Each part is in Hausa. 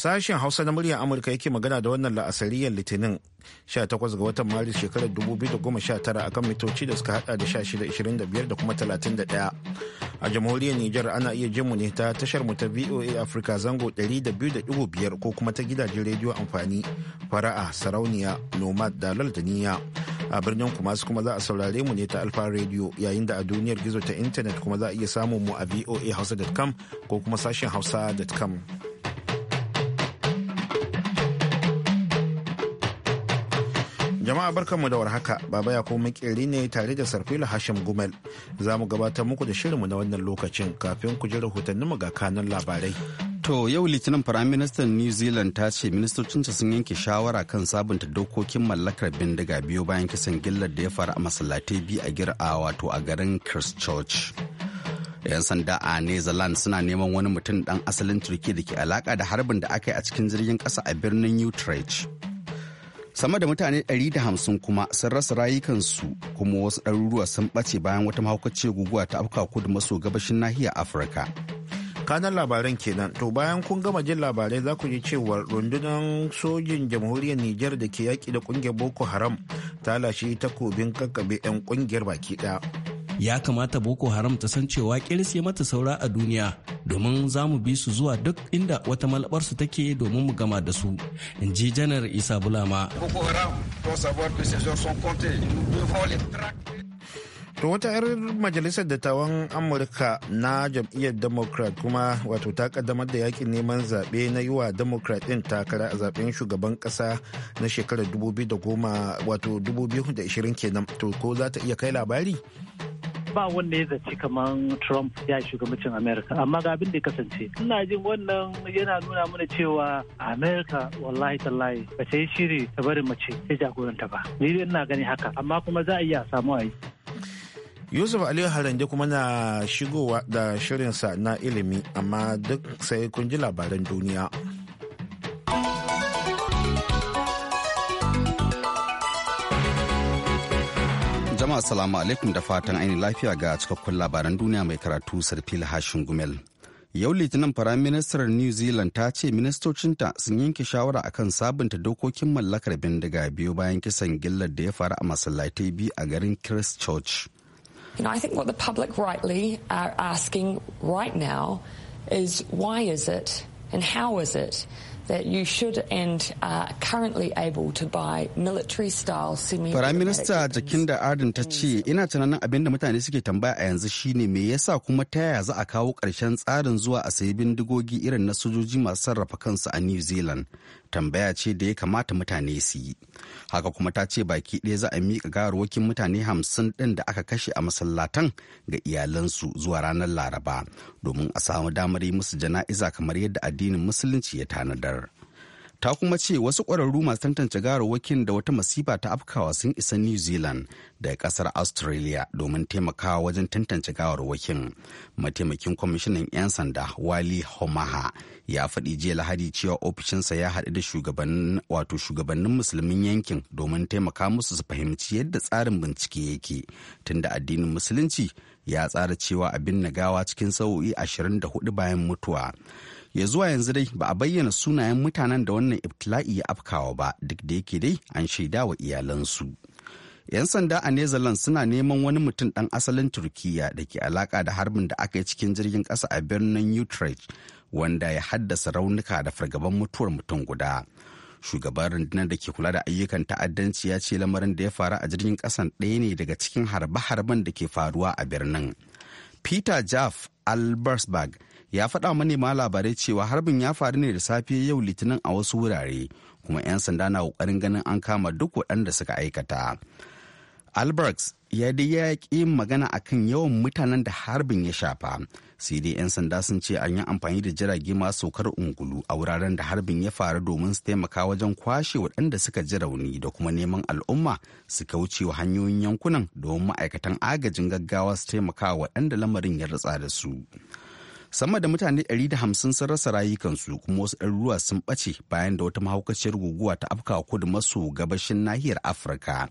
Sashen Hausa na muryar Amurka yake magana da wannan la'asariyar Litinin 18 ga watan Maris shekarar 2019 akan mitoci da suka hada da 1625 da kuma 31. A jamhuriyar Nijar ana iya jin mu ne ta tashar mu ta VOA Africa zango 200.5 ko kuma ta gidajen rediyo amfani fara'a sarauniya nomad da laldaniya. a birnin su kuma za a saurare mu ne ta alfa radio yayin da a duniyar gizo ta intanet kuma za a iya samun mu a voahausa.com ko kuma sashen hausa.com Jama'a barkanmu da warhaka, Baba ya kuma makeri ne tare da Sarfila Hashim Gumel. Za mu gabatar muku da shirinmu na wannan lokacin kafin ku ji mu ga kanan labarai. To yau Litinin Firaministan New Zealand ta ce ministocinta sun yanke shawara kan sabunta dokokin mallakar bindiga biyu bayan kisan gillar da ya faru a masallatai biyu a gir'a wato a garin Christchurch. 'yan sanda a Netherlands suna neman wani mutum dan asalin Turki da ke alaka da harbin da aka yi a cikin jirgin kasa a birnin Utrecht. sama da mutane 150 kuma sun rasa rayukansu kuma wasu ɗaruruwa sun ɓace bayan wata mahaukaciyar guguwa ta afka kudu maso gabashin nahiyar afirka kanan labaran kenan to bayan kun gama jin labarai za ku ji cewa rundunar sojin jamhuriyar niger da ke yaƙi da ƙungiyar boko haram ta lashe takobin kakkaɓe 'yan ƙungiyar baki ɗaya ya kamata boko haram ta san cewa kirse mata saura a duniya domin za mu bi su zuwa duk inda wata malabar su take domin mu gama da su in ji janar isa bulama To wata 'yar majalisar dattawan Amurka na jam'iyyar Democrat kuma wato ta kaddamar da yakin neman zaɓe na yiwa wa Democrat ɗin takara a zaɓen shugaban ƙasa na shekarar 2010 wato 2020 kenan to ko za ta iya kai labari? ba wanda ya zaci kamar Trump ya shugabancin Amerika amma ga abin da ya kasance ina jin wannan yana nuna mana cewa Amerika wallahi tallahi ba ta yi shiri ta bari mace ta jagoranta ba ni dai ina gani haka amma kuma za a iya samu a yi Yusuf Aliyu haranje kuma na shigowa da shirinsa na ilimi amma duk sai kun ji labaran duniya. jama'a salamu alaikum da fatan ainihin lafiya ga cikakkun labaran duniya mai karatu sarfil hashin gumel. Yau Litinin New Zealand ta ce ministocinta sun yanke shawara akan sabunta dokokin mallakar bindiga biyu bayan kisan gillar da ya faru a masallatai biyu a garin Christchurch. You know, I think what the public rightly are asking right now is why is it and how is it Firaminista Jakin da Ardern ta ce, Ina tunanin abin da mutane suke tambaya a yanzu shine me yasa kuma ta yaya za a kawo ƙarshen tsarin zuwa a sayi bindigogi irin na sojoji masu sarrafa kansu a New Zealand tambaya ce da ya kamata mutane su yi haka kuma ta ce baki ɗaya za a miƙa gawarwakin mutane hamsin ɗin da aka kashe a masallatan ga iyalansu zuwa ranar laraba domin a samu damar yi musu jana'iza kamar yadda addinin musulunci ya tanadar ta kuma ce wasu kwararru masu tantance garawakin da wata masifa ta afkawa sun isa new zealand da ƙasar australia domin taimakawa wajen tantance gawarwakin mataimakin kwamishinan 'yan sanda wali homaha ya faɗi jiya lahadi cewa ofishinsa ya haɗu da shugabannin wato shugabannin musulmin yankin domin taimaka musu su fahimci yadda tsarin bincike yake tunda addinin musulunci ya tsara cewa abin na gawa cikin sa'o'i 24 bayan mutuwa ya zuwa yanzu dai ba a bayyana sunayen mutanen da wannan ibtila'i ya afkawa ba duk da yake dai an shaida wa iyalansu 'yan sanda a netherlands suna neman wani mutum ɗan asalin turkiya da ke alaka da harbin da aka yi cikin jirgin ƙasa a birnin utrecht wanda ya haddasa raunuka da fargaban mutuwar mutum guda shugaban rundunar da ke kula da ayyukan ta'addanci ya ce lamarin da ya faru a jirgin kasan ɗaya ne daga cikin harbe-harben da ke faruwa a birnin peter jaff albersberg ya faɗa manema labarai cewa harbin ya faru ne da safe yau litinin a wasu wurare kuma 'yan sanda na ƙoƙarin ganin an kama duk waɗanda suka aikata albrecht ya dai ya ƙi magana akan yawan mutanen da harbin ya shafa sai dai 'yan sanda sun ce an yi amfani da jirage masu saukar ungulu a wuraren da harbin ya faru domin su taimaka wajen kwashe waɗanda suka ji rauni da kuma neman al'umma su kauce wa hanyoyin yankunan domin ma'aikatan agajin gaggawa su taimaka waɗanda lamarin ya ratsa da su. sama da mutane 150 sun rasa rayukansu kuma wasu ɗaruruwa sun ɓace bayan da wata mahaukaciyar guguwa ta afka kudu maso gabashin nahiyar afirka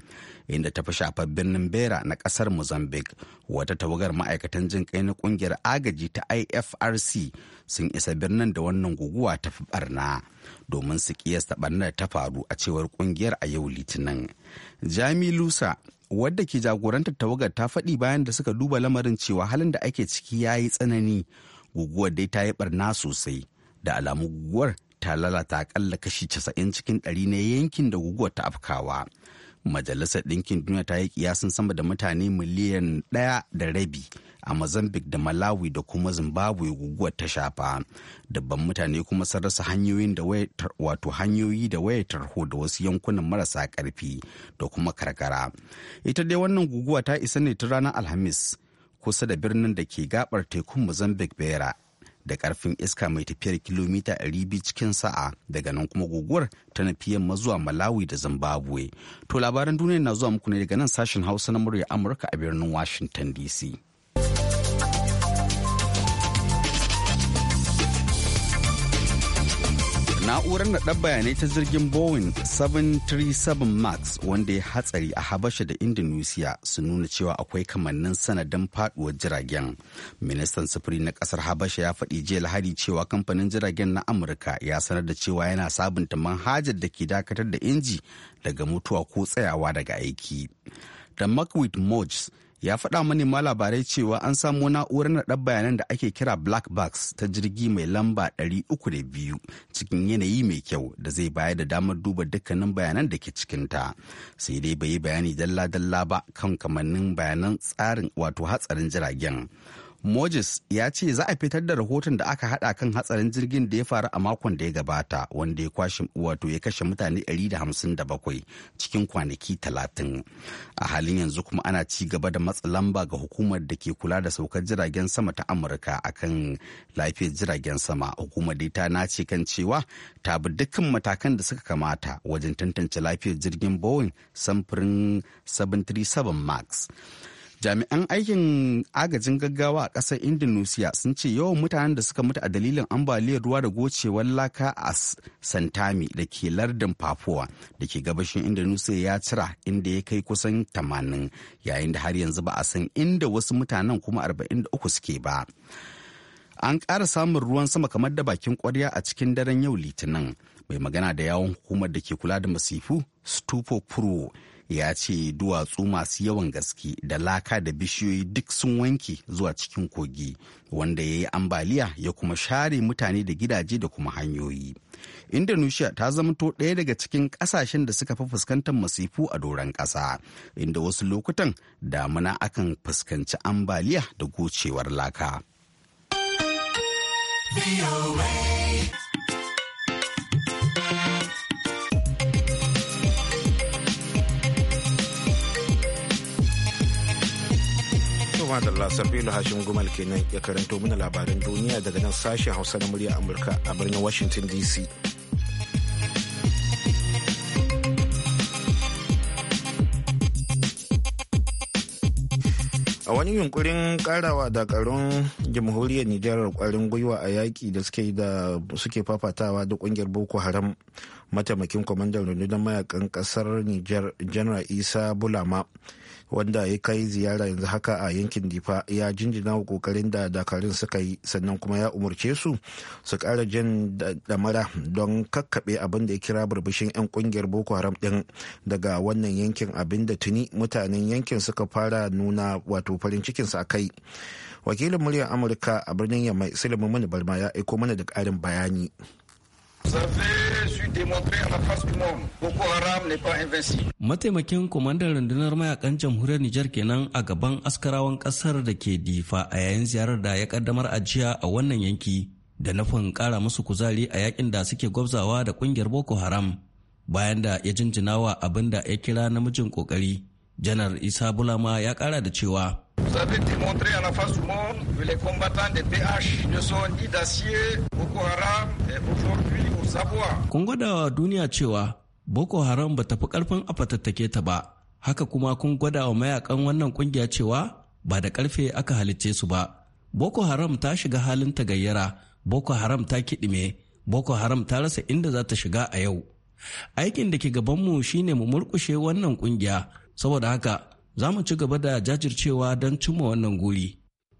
inda ta fi shafar birnin bera na ƙasar mozambique wata tawagar ma'aikatan jin kai na ƙungiyar agaji ta ifrc sun isa birnin da wannan guguwa ta fi barna domin su kiyasta barnar ta faru a cewar ƙungiyar a yau litinin jami lusa wadda ke jagorantar tawagar ta faɗi bayan da suka duba lamarin cewa halin da ake ciki ya yi tsanani guguwar dai ta yi barna sosai da alamu guguwar ta lalata akalla kashi 90 cikin 100 na yankin da guguwar ta afkawa majalisar ɗinkin duniya ta yi kiyasin sama da mutane miliyan ɗaya da rabi a mozambique da malawi da kuma zimbabwe guguwar ta shafa dabban mutane kuma sun rasa hanyoyin da wato hanyoyi da wayar tarho da wasu yankunan marasa ƙarfi da kuma karkara ita dai wannan guguwa ta isa ne ta ranar alhamis kusa da birnin da ke gabar tekun Mozambique Bera da karfin iska mai tafiyar kilomita 200 cikin sa'a daga nan kuma guguwar ta nufi yamma zuwa Malawi da Zimbabwe. To labaran duniya na zuwa muku ne daga nan sashen Hausa na murya Amurka a birnin Washington DC. na'urar naɗar bayanai ta jirgin boeing 737 max wanda ya hatsari a habasha da indonesia su nuna cewa akwai kamannin sanadin faduwar jiragen ministan sufuri na kasar habasha ya faɗi jiya lahadi cewa kamfanin jiragen na amurka ya sanar da cewa yana sabunta manhajar da ke dakatar da inji daga mutuwa ko tsayawa daga aiki da mcwit moj ya faɗa mani ma labarai cewa an samo na'urar naɗar bayanan da ake kira black box ta jirgi mai lamba 302 cikin yanayi mai kyau da zai bayar da damar duba dukkanin bayanan da ke cikinta sai dai bai yi bayani dalla-dalla ba kan kamannin bayanan tsarin wato hatsarin jiragen Moses ya ce za a fitar da rahoton da aka hada kan hatsarin jirgin da ya faru a makon da ya gabata wanda ya kwashe wato ya kashe mutane 157 cikin kwanaki 30. A halin yanzu kuma ana ci gaba da matsa lamba ga hukumar da ke kula da saukar jiragen sama ta Amurka akan lafiyar jiragen sama. Hukumar da ta nace kan cewa ta bi dukkan matakan da suka kamata wajen tantance lafiyar jirgin Boeing samfurin 737 Max. jami'an aikin agajin gaggawa a ƙasar indonesia sun ce yawan mutanen da suka mutu a dalilin ambaliyar ruwa da gocewar laka a santami da ke lardin papua da ke gabashin indonesia ya cira inda ya kai kusan 80 yayin da har yanzu ba a san inda wasu mutanen kuma 43 suke ba an ƙara samun ruwan sama kamar da bakin kwarya a cikin daren yau litinin mai magana da yawon hukumar da ke kula da masifu stupo pro ya ce duwatsu masu yawan gaske da laka da bishiyoyi duk sun wanke zuwa cikin kogi wanda ya yi ambaliya ya kuma share mutane da gidaje da kuma hanyoyi indonesia ta to ɗaya daga cikin ƙasashen da suka fi fuskantar masifu a doron ƙasa inda wasu lokutan damuna akan fuskanci ambaliya da gocewar laka. kuma da lasafilu hashim gumal kenan ya karanto mana labaran duniya daga nan sashen hausa na murya amurka a birnin washington dc a wani yunkurin karawa dakarun jamhuriyar nijar kwarin gwiwa a yaƙi da suke da suke fafatawa da ƙungiyar boko haram mataimakin kwamandan rundunar mayakan ƙasar nijar General isa bulama wanda ya kai ziyara yanzu haka a yankin difa ya jinjina wa kokarin da dakarun suka yi sannan kuma ya umarce su su kara jin damara don kakkaɓe abin da ya kira burbushin 'yan kungiyar boko haram din daga wannan yankin abin da tuni mutanen yankin suka fara nuna wato farin cikinsu a kai wakilin muryar amurka a birnin yamai silimin mani barma ya aiko mana da ƙarin bayani la face du Mataimakin kwamandan rundunar mayakan jamhuriyar Nijar kenan a gaban askarawan kasar da ke difa a yayin ziyarar da ya kaddamar ajiya a wannan yanki da nufin kara musu kuzari a yakin da suke gwabzawa da kungiyar Boko Haram bayan da ya jinjina wa abin da ya kira namijin kokari. Janar Isa Bulama ya kara da cewa Vous avez démontré à la face du monde que Haram aujourd'hui Kun gwada wa duniya cewa Boko Haram ba tafi karfin a fatattake ta ba, haka kuma kun gwada wa mayakan wannan kungiya cewa ba da karfe aka halicce su ba. Boko Haram ta shiga halin ta gayyara, Boko Haram ta kiɗime, Boko Haram ta rasa inda za ta shiga a yau. Aikin da ke gabanmu shine mu murkushe wannan kungiya, saboda haka za mu ci gaba da jajircewa don cimma wannan guri.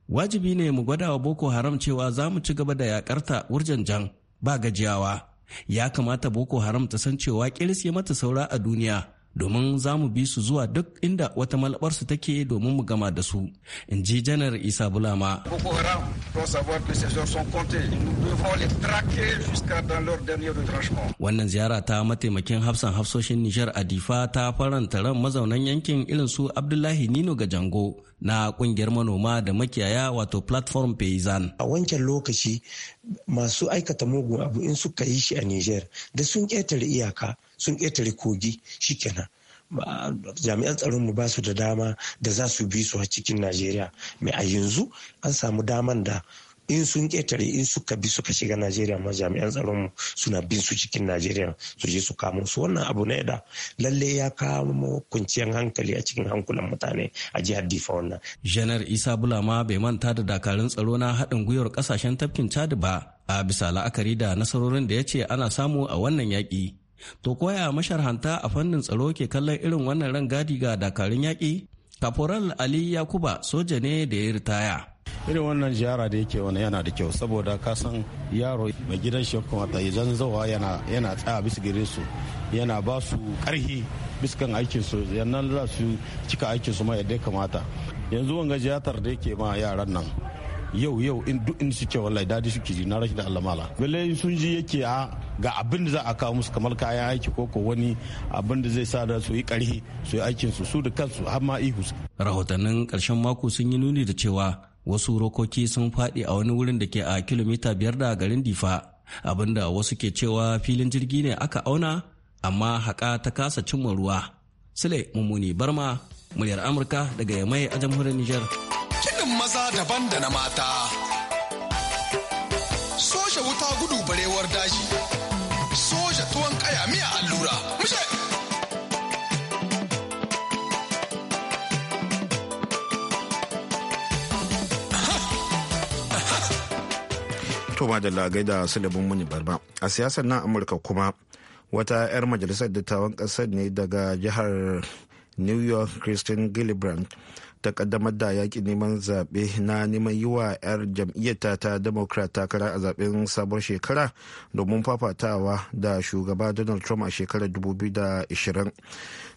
Wajibi ne mu gwada wa Boko Haram cewa za mu ci gaba da yakarta jan ba gajiyawa. ya kamata boko haram ta san cewa kiris mata saura a duniya domin za mu bi su zuwa duk inda wata malabarsu take domin mu gama da su in ji janar isa bulama wannan ziyara ta mataimakin hafsan hafsoshin nijar adifa ta faranta ran mazaunan yankin irin su abdullahi nino ga jango na kungiyar manoma da makiyaya wato platform paysan a wancan lokaci masu aikata mugun abu in suka yi shi a nijar da sun ƙetare iyaka sun ƙetare kogi shikenan jami'an tsaron mu ba su da dama da za su bi su a cikin najeriya mai a yanzu an samu daman da in sun ƙetare in suka bi suka shiga najeriya ma jami'an tsaron mu suna bin su cikin najeriya su je su kamo su wannan abu na da lalle ya kamo kunciyar hankali a cikin hankulan mutane a jihar difa wannan janar isa bulama bai manta da dakarun tsaro na haɗin gwiwar ƙasashen tafkin chad ba a bisa la'akari da nasarorin da ya ce ana samu a wannan yaƙi To koya masharhanta a fannin tsaro ke kallon irin wannan rangadi ga dakarun yaƙi? Kaporal Ali Yakuba soja ne da ya ritaya. irin wannan ziyara da yake wani yana da kyau saboda ka san yaro mai gidan shi kamata idan zawa yana yana tsaya bisa gare su yana ba su karhi biskan aikin su yannan za su cika aikin su ma yadda ya kamata yanzu wanga da yake ma yaran nan yau yau in duk in suke wallahi dadi suke ji na rashin da Allah mala sun ji yake a ah, ga abin da za a kawo musu kamar kayan aiki ko ko wani abin da zai sa da su yi karhi su yi aikin su su da kansu har ma ihu rahotannin karshen mako sun yi nuni da cewa wasu rokoki sun faɗi a wani wurin da ke a kilomita biyar da garin difa abinda wasu ke cewa filin jirgi ne aka auna amma haka ta kasa cimma ruwa sule mummuni barma muryar amurka daga yamai a jamhuriyar niger kinin maza daban da na mata soshe wuta gudu barewar daji To da lagai da sulabin muni barba. A siyasar nan Amurka kuma wata 'yar majalisar dattawan ƙasar ne daga jihar New York Christine Gillibrand ta kaddamar da yaƙi neman zaɓe na neman yi wa 'yar jam'iyyata ta democrat takara a zaɓen sabon shekara domin fafatawa da shugaba donald trump a shekarar 2020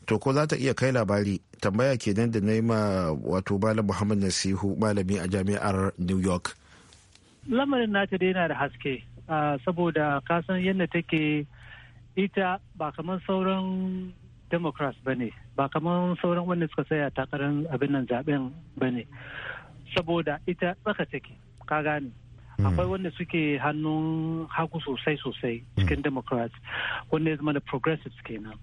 to ko za ta iya kai labari tambaya kenan da na yi ma wato malam muhammad nasihu malami a jami'ar new york lamarin nata dai yana da haske saboda kasan yadda take ita ba kamar sauran democrats ba ne ba kamar sauran wanda suka tsaya takarar abin nan zaben ba ne saboda ita tsaka take ka gane hmm. akwai wanda suke hannun hagu sosai sosai hmm. cikin democrats wanda ya zama da progressives kenan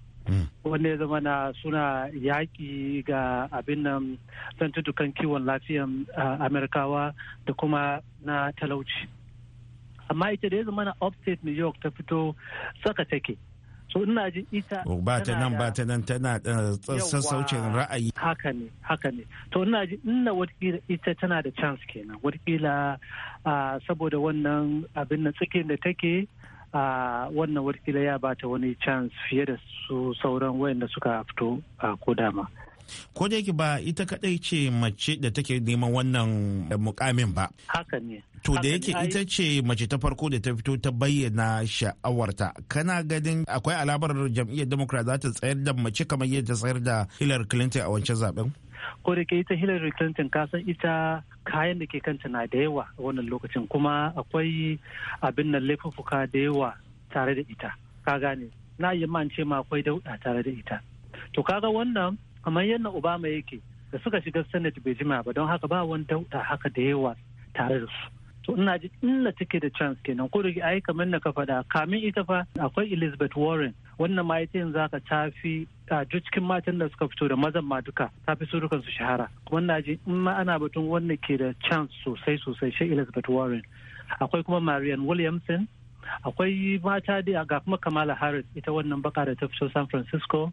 wanda ya zama na suna yaƙi ga abin nan zantutukan kiwon lafiyan amerikawa da kuma na talauci amma ita da ya zama na upstate new york ta fito saka take so ina ji ita oh, ba ta nan ba ta nan tana uh, sassaucin ra'ayi haka ne haka ne to ina ji ina watakila ita tana da chance kenan watakila saboda wannan abin na tsakin da take a wannan wakila ya bata wani chance fiye da su sauran wayanda suka fito a kodama. ko da ba ita kadai ce mace da take neman wannan mukamin ba haka ne to da yake ita ce mace ta farko da ta fito ta bayyana sha'awarta kana ganin akwai alamar jam'iyyar democrat za ta tsayar da mace kamar yadda ta tsayar da hillary clinton a wancan zaben ko da ke ita hillary clinton kasan ita kayan da ke kanta na da yawa a wannan lokacin kuma akwai abin nan laifuka da yawa tare da ita ka gane na yi man ce ma akwai dauda tare da ita to kaga wannan kamar yadda obama yake da suka shiga senate bai jima ba don haka ba wani dauda haka da yawa tare da su to ina ji illa take da chance kenan ko da ai kamar na ka faɗa kamin ita fa akwai elizabeth warren wannan ma yace yanzu haka ta fi a cikin matan da suka fito da mazan ma duka ta fi surukan su shahara kuma na ji in ma ana batun wanda ke da chance sosai sosai shi Elizabeth Warren akwai kuma Marianne Williamson akwai mata da ga kuma Kamala Harris ita wannan baka da ta fito San Francisco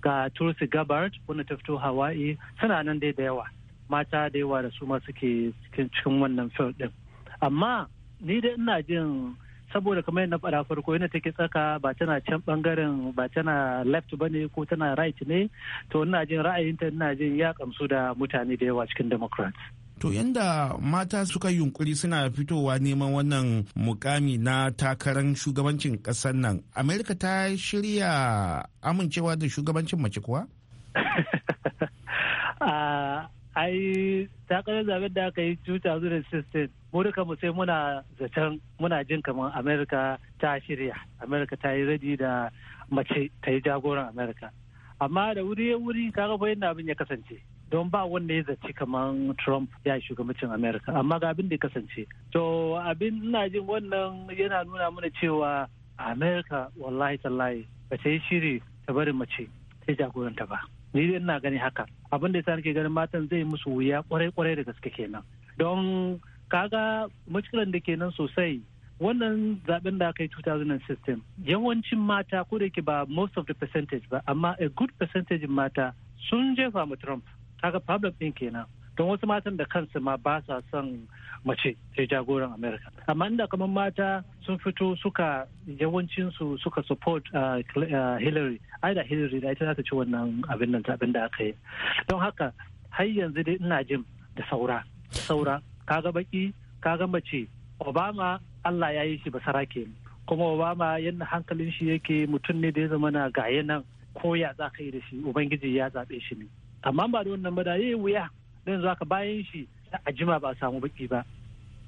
ga Tulsi Gabbard wanda ta fito Hawaii suna nan dai da yawa mata da yawa da su ma suke cikin wannan field din amma ni da ina jin saboda kamar yadda faɗa farko yana take tsaka ba tana can bangaren ba tana left ba ne ko tana right ne to ina jin ra'ayinta ina jin ya kamsu da mutane da yawa cikin democrats To yanda mata suka yunkuri suna fitowa neman wannan mukami na takarar shugabancin ƙasar nan, Amerika ta shirya amincewa da shugabancin mace kuwa? Ah, ai takarar zaben da aka yi 2016 mu mu sai muna zaton muna jin kamar amerika ta shirya amerika ta yi radi da mace ta yi jagoran amerika amma da wuri ya wuri kaga fa yadda abin ya kasance don ba wanda ya zaci kamar trump ya shugabancin amerika amma ga abin da ya kasance to abin ina jin wannan yana nuna mana cewa amerika wallahi tallahi ba ta yi shiri ta bari mace ta jagoranta ba ni dai ina gani haka abin da ya yasa nake ganin matan zai musu wuya kwarai kwarai da gaske kenan don kaga matsalar da kenan sosai wannan zaben da aka yi 2016 yawancin mata ko da ke ba most of the percentage ba amma a good percentage mata sun jefa ma trump kaga problem din kenan don wasu matan da kansu ma ba sa son mace ta jagoran america amma inda kamar mata sun fito suka yawancinsu suka support uh, uh, hillary ai da hillary da ita za ta ci wannan abin nan da aka yi don haka har yanzu dai ina jin da saura saura kaga baki kaga mace obama allah ya yi shi ba ke kuma obama yadda hankalin shi yake mutum ne da ya zama na gaye nan ko ya za ka yi da shi ubangiji ya zaɓe shi ne amma ba da wannan ba da yi wuya don zaka bayan shi a jima ba a samu baki ba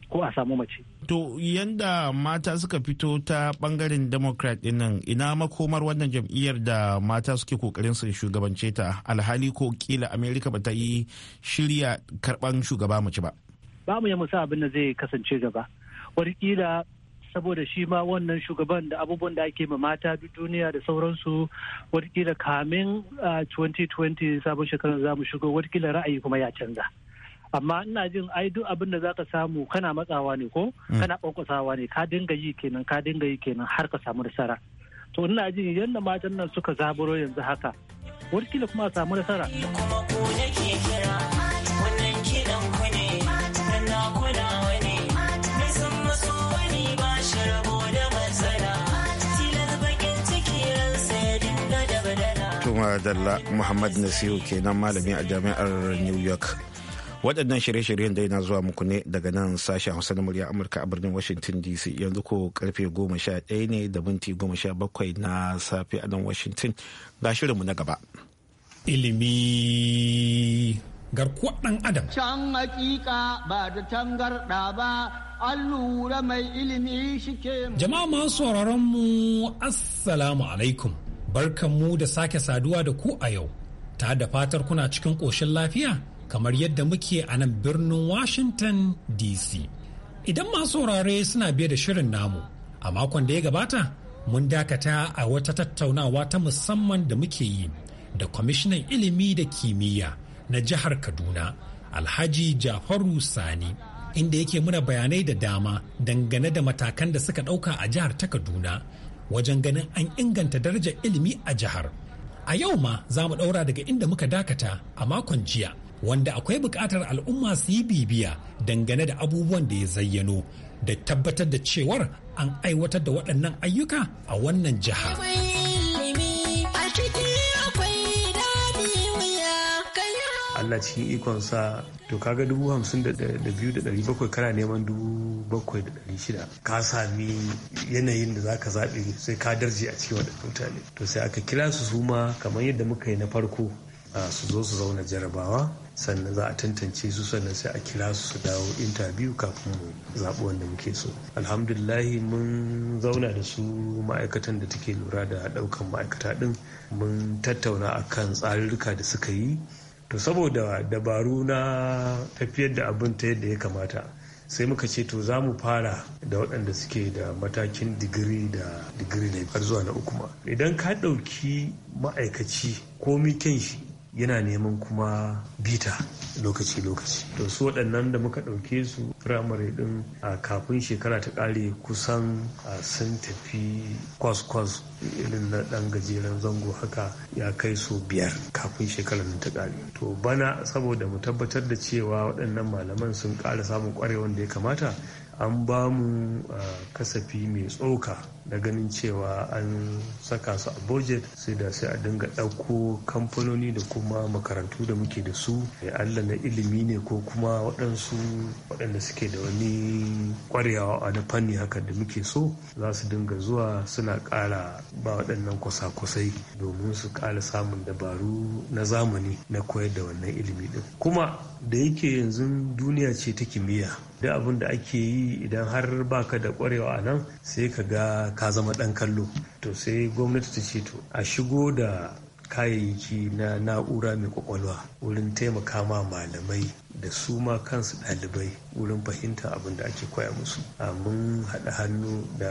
ko a samu mace. To yanda mata suka fito ta bangaren Democrat dinnan ina makomar wannan jam'iyyar da mata suke kokarin su shugabance ta alhali ko kila america ba ta yi shirya karban shugaba mace ba. ba mu yamma sa abin da zai kasance gaba wataƙila saboda shi ma wannan shugaban da abubuwan da ake ma mata duk duniya da sauransu watakila kamin 2020 sabon shekarar za mu shigo watakila ra'ayi kuma ya canza amma ina jin ai duk abin da zaka samu kana matsawa ne ko mm. kana ne ka dinga yi kenan ka dinga yi kenan har ka samu nasara to ina jin yadda matan nan suka zaburo yanzu haka watakila kuma a samu nasara madalla muhammad nasiru kenan malami a jami'ar new york waɗannan shirye-shiryen dai na zuwa muku ne daga nan sashen hausa na murya amurka a birnin washington dc yanzu ko karfe 11 ne da minti 17 na safe a nan washington ga shirinmu na gaba ilimi garkuwar ɗan adam can hakika ba da tangarɗa ba an lura mai ilimi shike jama'a masu sauraron mu assalamu alaikum mu da sake saduwa da ku a yau, ta da fatar kuna cikin ƙoshin lafiya kamar yadda muke a nan birnin Washington DC. Idan masu saurare suna biye da shirin namu, a makon da ya gabata mun dakata a wata tattaunawa ta musamman da muke yi da kwamishinan ilimi da kimiyya na jihar Kaduna, Alhaji Jafaru Sani. inda yake muna bayanai da dama dangane da matakan da suka ɗauka a jihar ta Kaduna wajen ganin an inganta darajar ilimi a jihar. A yau ma za mu ɗaura daga inda muka dakata a makon jiya, wanda akwai buƙatar al'umma su yi bibiya dangane da abubuwan da ya zayyano da tabbatar da cewar an aiwatar da waɗannan ayyuka a wannan jihar. Allah cikin ikonsa to kaga dubu hamsin da biyu da ɗari bakwai kana neman dubu bakwai da ɗari shida ka sami yanayin da zaka zaɓi sai ka darje a cikin waɗannan mutane to sai aka kira su su ma kamar yadda muka yi na farko su zo su zauna jarabawa sannan za a tantance su sannan sai a kira su su dawo intabiyu kafin mu zaɓi wanda muke so alhamdulillahi mun zauna da su ma'aikatan da take lura da ɗaukan ma'aikata ɗin mun tattauna akan tsarurruka da suka yi to saboda dabaru na tafiyar da abin ta yadda ya kamata sai muka ce to za mu fara da waɗanda suke da matakin digiri da digiri na har zuwa na uku ma idan ka ɗauki ma'aikaci komi kyan shi yana neman kuma bita lokaci-lokaci to su waɗannan da muka ɗauke su firamare ɗin a kafin shekara ta ƙare kusan sun tafi kwas-kwas irin na ɗan gajeren zango haka ya kai su biyar kafin shekarar ta ƙare to bana saboda mu tabbatar da cewa waɗannan malaman sun ƙara samun ƙwarewan da ya kamata an ba mu kasafi mai tsoka na ganin cewa an saka su a budget sai da sai a dinga ɗauko kamfanoni da kuma makarantu da muke da su eh, allah na ilimi ne ko kuma waɗansu waɗanda suke da wani ƙwarewa a na fanni haka da muke so za su dinga zuwa suna ƙara ba waɗannan kwasa-kwasai domin su ƙara samun dabaru na zamani na koyar da wannan ilimi ɗin kuma da yake yanzu duniya ce ta kimiyya duk abin da ake yi idan har baka da ƙwarewa a nan sai ka ga ka zama ɗan kallo to sai gwamnati ta ce to a shigo da kayayyaki na na'ura mai kwakwalwa wurin taimaka ma malamai da su ma kansu ɗalibai wurin fahimta abin da ake koya musu mun haɗa hannu da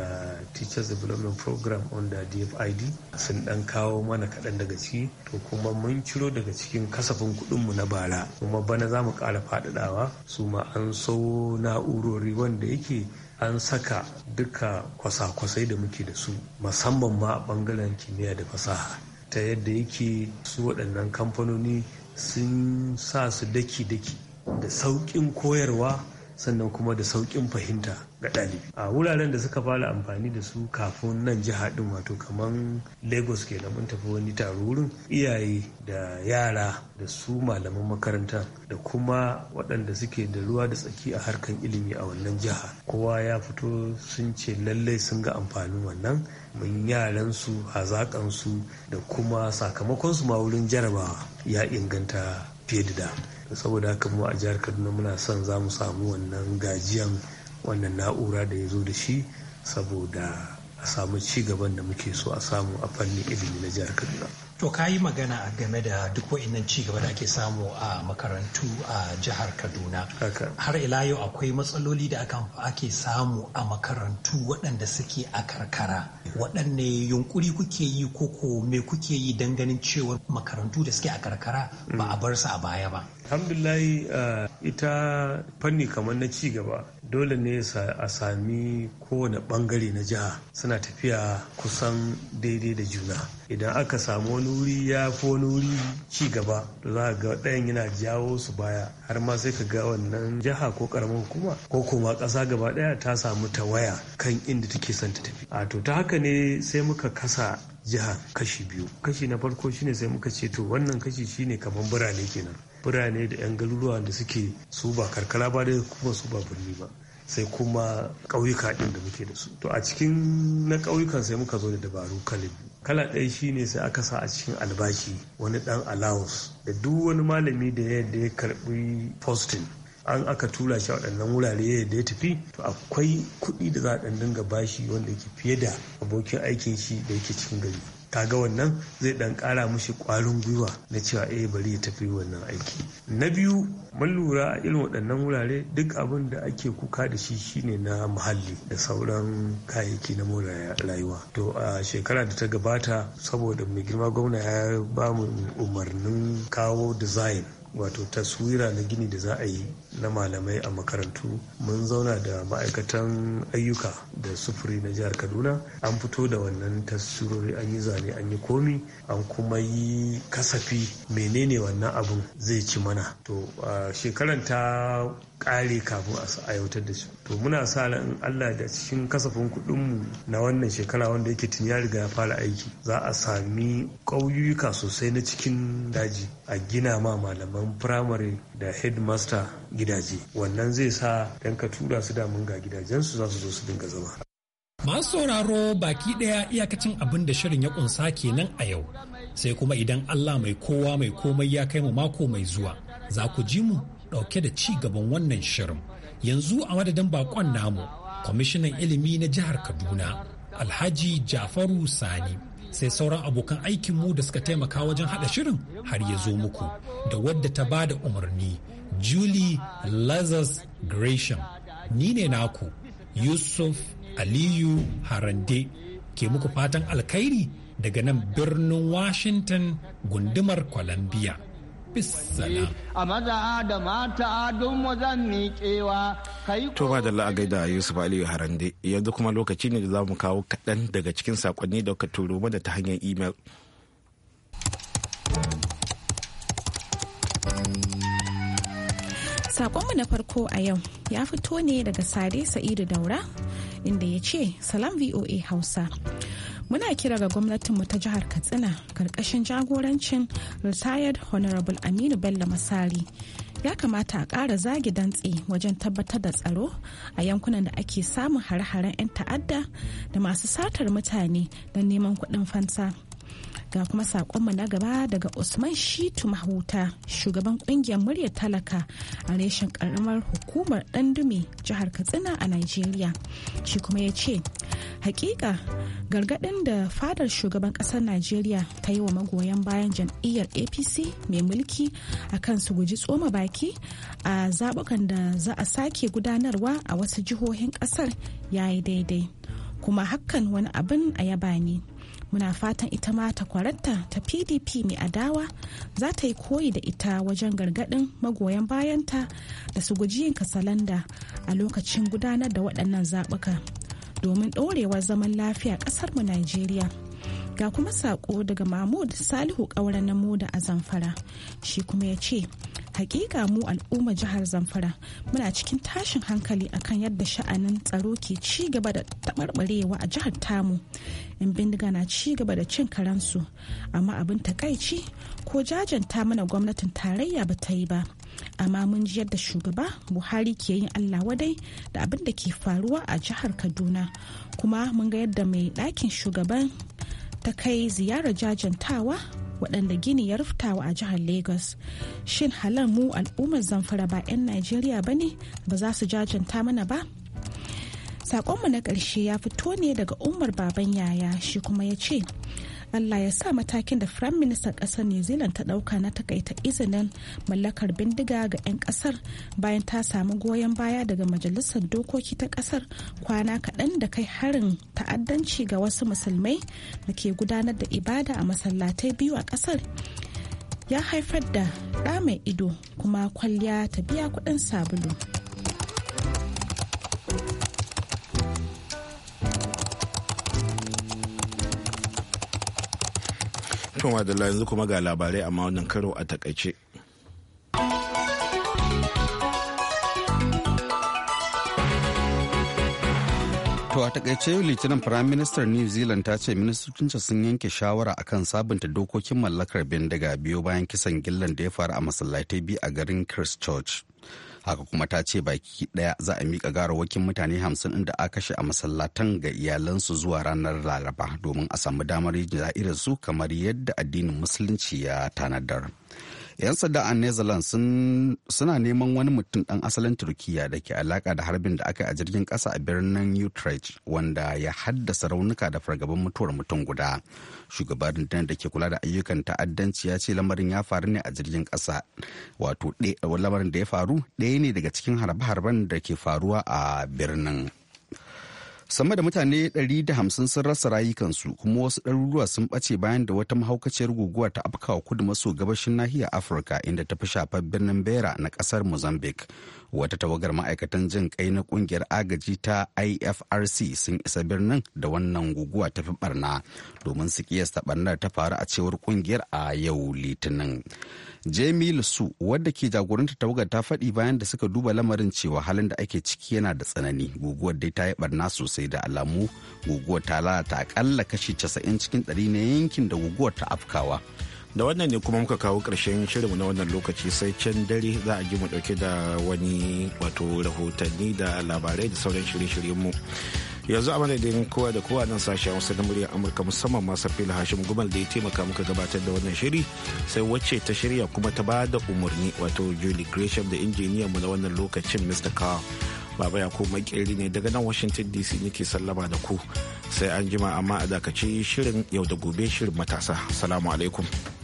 teachers development program under dfid sun ɗan kawo mana kaɗan daga ciki to kuma mun ciro daga cikin kasafin kuɗinmu na bara kuma bana za mu ƙara faɗaɗawa su ma an sau na'urori wanda yake an saka duka kwasa-kwasai da muke da su musamman ma a bangaren kimiyya da fasaha ta yadda yake su waɗannan kamfanoni sun sa su daki-daki da sauƙin koyarwa sannan kuma da sauƙin fahimta ga ɗalibi a wuraren da suka fara amfani da su kafin nan jiha ɗin wato kaman lagos ke mun tafi wani taro wurin iyaye da yara da su malaman makaranta da kuma waɗanda suke da ruwa da tsaki a harkan ilimi a wannan jiha kowa ya fito sun ce lallai sun ga amfanin wannan mun yaransu su da kuma sakamakonsu ma wurin jarabawa ya inganta fiye da da saboda haka mu a jihar kaduna muna son za mu samu wannan gajiyan wannan na'ura da ya zo da shi saboda a samu ci gaban da muke so a samu a fannin ilimi na jihar kaduna To ka yi magana game da duk wa'innan gaba da ake samu a makarantu a jihar Kaduna. Har ila yau akwai matsaloli da ake samu a makarantu waɗanda suke a karkara. Waɗanne yunkuri kuke yi ko me kuke yi don ganin cewa makarantu da suke a karkara ba a bar su a baya ba. Alhamdulillah ita fanni kamar na cigaba dole ne a sami kowane bangare na jiha suna tafiya kusan daidai da juna. Idan aka samu wani nuri ya fi wani wuri ci gaba to za ga ɗayan yana jawo su baya har ma sai ka ga wannan jiha ko karamin hukuma ko kuma ƙasa gaba ɗaya ta samu ta waya kan inda take son ta tafi a to ta haka ne sai muka kasa jiha kashi biyu kashi na farko shine sai muka ce to wannan kashi shine kamar birane kenan birane da 'yan garuruwa da suke su ba karkara ba da kuma su ba birni ba sai kuma ƙauyuka ɗin da muke da su to a cikin na ƙauyukan sai muka zo da dabaru kalibu kala ɗaya shine sai aka sa a cikin albashi wani ɗan allowance da duk wani malami da ya da ya karɓi postin an aka tura shi a waɗannan wurare da ya tafi to akwai kuɗi da za a ɗan dinga bashi wanda ke fiye da abokin aikin shi da yake cikin gari kaga wannan zai dan kara mushi kwarin gwiwa na cewa eh bari ya tafi wannan aiki na biyu mun lura a irin waɗannan wurare duk abin da ake kuka da shi shine na muhalli da sauran kayayyaki na more rayuwa to a shekara da ta gabata saboda mai girma gwamna ya ba mu umarnin kawo design wato taswira na gini da za a yi na malamai a makarantu mun zauna da ma'aikatan ayyuka da sufuri na jihar kaduna an fito da wannan taswirori an yi zane an yi komi an kuma yi kasafi menene wannan abun zai ci mana to shekaranta kare kafin a aiwatar da su to muna sa ran in Allah da cikin kasafin kuɗinmu na wannan shekara wanda yake tun ya riga ya fara aiki za a sami ƙauyuka sosai na cikin daji a gina ma malaman firamare da headmaster gidaje wannan zai sa dan ka tura su damun ga gidajensu za su zo su dinga zama masu sauraro baki ɗaya iyakacin abin da shirin ya kunsa kenan a yau sai kuma idan Allah mai kowa mai komai ya kai mu mako mai zuwa za ku ji mu dauke da ci gaban wannan shirin. Yanzu a madadin bakon namu, kwamishinan ilimi na jihar Kaduna, Alhaji Jafaru Sani. Sai sauran abokan aikinmu da suka taimaka wajen haɗa shirin har ya zo muku da wadda ta ba da umarni Julie Lazarus Gresham. Ni ne naku Yusuf Aliyu Harande ke muku fatan alkhairi daga nan birnin Washington gundumar Columbia. a maza da mata don wajen miƙewa kai to ba da la'agaida yusuf aliyu harande yanzu kuma lokaci ne da za mu kawo kaɗan daga cikin saƙonni da ka turo mana ta hanyar imel saƙonmu na farko a yau ya fito ne daga Sade Sa'idu Daura inda ya ce Salam VOA Hausa. muna kira ga gwamnatinmu ta jihar katsina karkashin jagorancin retired honorable aminu bello masari ya kamata a ƙara zagi dantse wajen tabbatar da tsaro a yankunan da ake samun hare-haren 'yan ta'adda da masu satar mutane don neman kuɗin fansa. ga kuma saƙonmu na gaba daga Usman Shitu Mahuta, shugaban ƙungiyar muryar talaka a reshen karamar hukumar dandume jihar Katsina a Najeriya. Shi kuma ya ce, hakika gargadin da fadar shugaban ƙasar Najeriya ta yi wa magoyan bayan jam'iyyar APC mai mulki a kan su guji tsoma baki a zabukan da za a sake gudanarwa a wasu jihohin ƙasar ya yi daidai. Kuma hakan wani abin a yaba ne. muna fatan ita ma ta kwaranta ta pdp mai adawa za ta yi koyi da ita wajen gargadin magoyan bayanta da su guji yin kasalanda a lokacin gudanar da waɗannan zaɓuka domin ɗorewar zaman lafiya mu najeriya Ga kuma sako daga Mahmud Salihu ƙaura na moda a Zamfara. Shi kuma ya ce, hakika mu al'ummar jihar zamfara muna cikin tashin hankali akan yadda sha'anin tsaro ke ci gaba da taɓarɓarewa a jihar tamu in bindiga na ci gaba da cin karansu amma abin takaici ko jajanta mana gwamnatin tarayya ba ta yi ba amma mun ji yadda shugaba buhari ke yin allah wadai da abin da ke faruwa a jihar kaduna kuma mun ga yadda mai ɗakin shugaban ta kai ziyarar jajantawa waɗanda gini ya ruftawa a jihar lagos shin halar mu al'ummar zamfara ba 'yan najeriya ba ne ba za su jajanta mana ba saƙonmu na ƙarshe ya fito ne daga umar baban yaya shi kuma ya ce allah ya sa matakin da firayim Minista ƙasar new zealand ta ɗauka na takaita izinin mallakar bindiga ga 'yan ƙasar bayan ta samu goyon baya daga majalisar dokoki ta ƙasar kwana kaɗan da kai harin ta'addanci ga wasu musulmai da ke gudanar da ibada a masallatai biyu a ƙasar ya haifar da ɗa mai ido kuma kwalliya ta biya kuɗin sabulu. To madalla yanzu kuma ga labarai amma wannan karo a takaice. To a takaice yau litinin Prime Minister New Zealand ta ce ministocinta sun yanke shawara akan sabunta dokokin mallakar bindiga biyu bayan kisan gillan da ya faru a masallatai biyu a garin Christchurch. haka kuma ta ce baki daya za a mika garawakin mutane hamsin inda a kashe a masallatan ga iyalansu zuwa ranar laraba domin a samu damar yin su kamar yadda addinin musulunci ya tanadar. 'Yan sanda a Netherlands suna neman wani mutum dan asalin turkiya da ke alaka da harbin da aka yi a jirgin kasa a birnin Utrecht wanda ya haddasa raunuka da fargaban mutuwar mutum guda. Shugaban rundunar da ke kula da ayyukan ta'addanci ya ce lamarin ya faru ne a jirgin kasa Wato lamarin da ya faru ɗaya ne daga cikin harbe-harben da ke faruwa a birnin. sama da mutane 150 sun rasa rayukansu kuma wasu ɗaruruwa sun ɓace bayan da wata mahaukaciyar guguwa ta afkawa kudu maso gabashin nahiyar afirka inda ta fi shafar birnin bera na ƙasar mozambique wata tawagar ma'aikatan jin kai na ƙungiyar agaji ta ifrc sun isa birnin da wannan guguwa ta fi barna domin su kiyasta barnar ta faru a cewar ƙungiyar a yau litinin jamie su wadda ke jagoranta tawagar ta faɗi bayan da suka duba lamarin cewa halin da ake ciki yana da tsanani guguwar dai ta yi barna sosai da alamu guguwar ta lalata akalla kashi 90 cikin 100 na yankin da guguwar ta afkawa da wannan ne kuma muka kawo karshen shirinmu na wannan lokaci sai can dare za a ji mu dauke da wani wato rahotanni da labarai da sauran shirye-shiryenmu yanzu a madadin kowa da kowa nan sashen wasu na muryar amurka musamman masu fila hashim gumal da ya taimaka muka gabatar da wannan shiri sai wacce ta shirya kuma ta ba da umarni wato julie gresham da injiniyan mu na wannan lokacin mr kawa baba ya koma makeri ne daga nan washington dc nake sallama da ku sai an jima amma a dakaci shirin yau da gobe shirin matasa salamu alaikum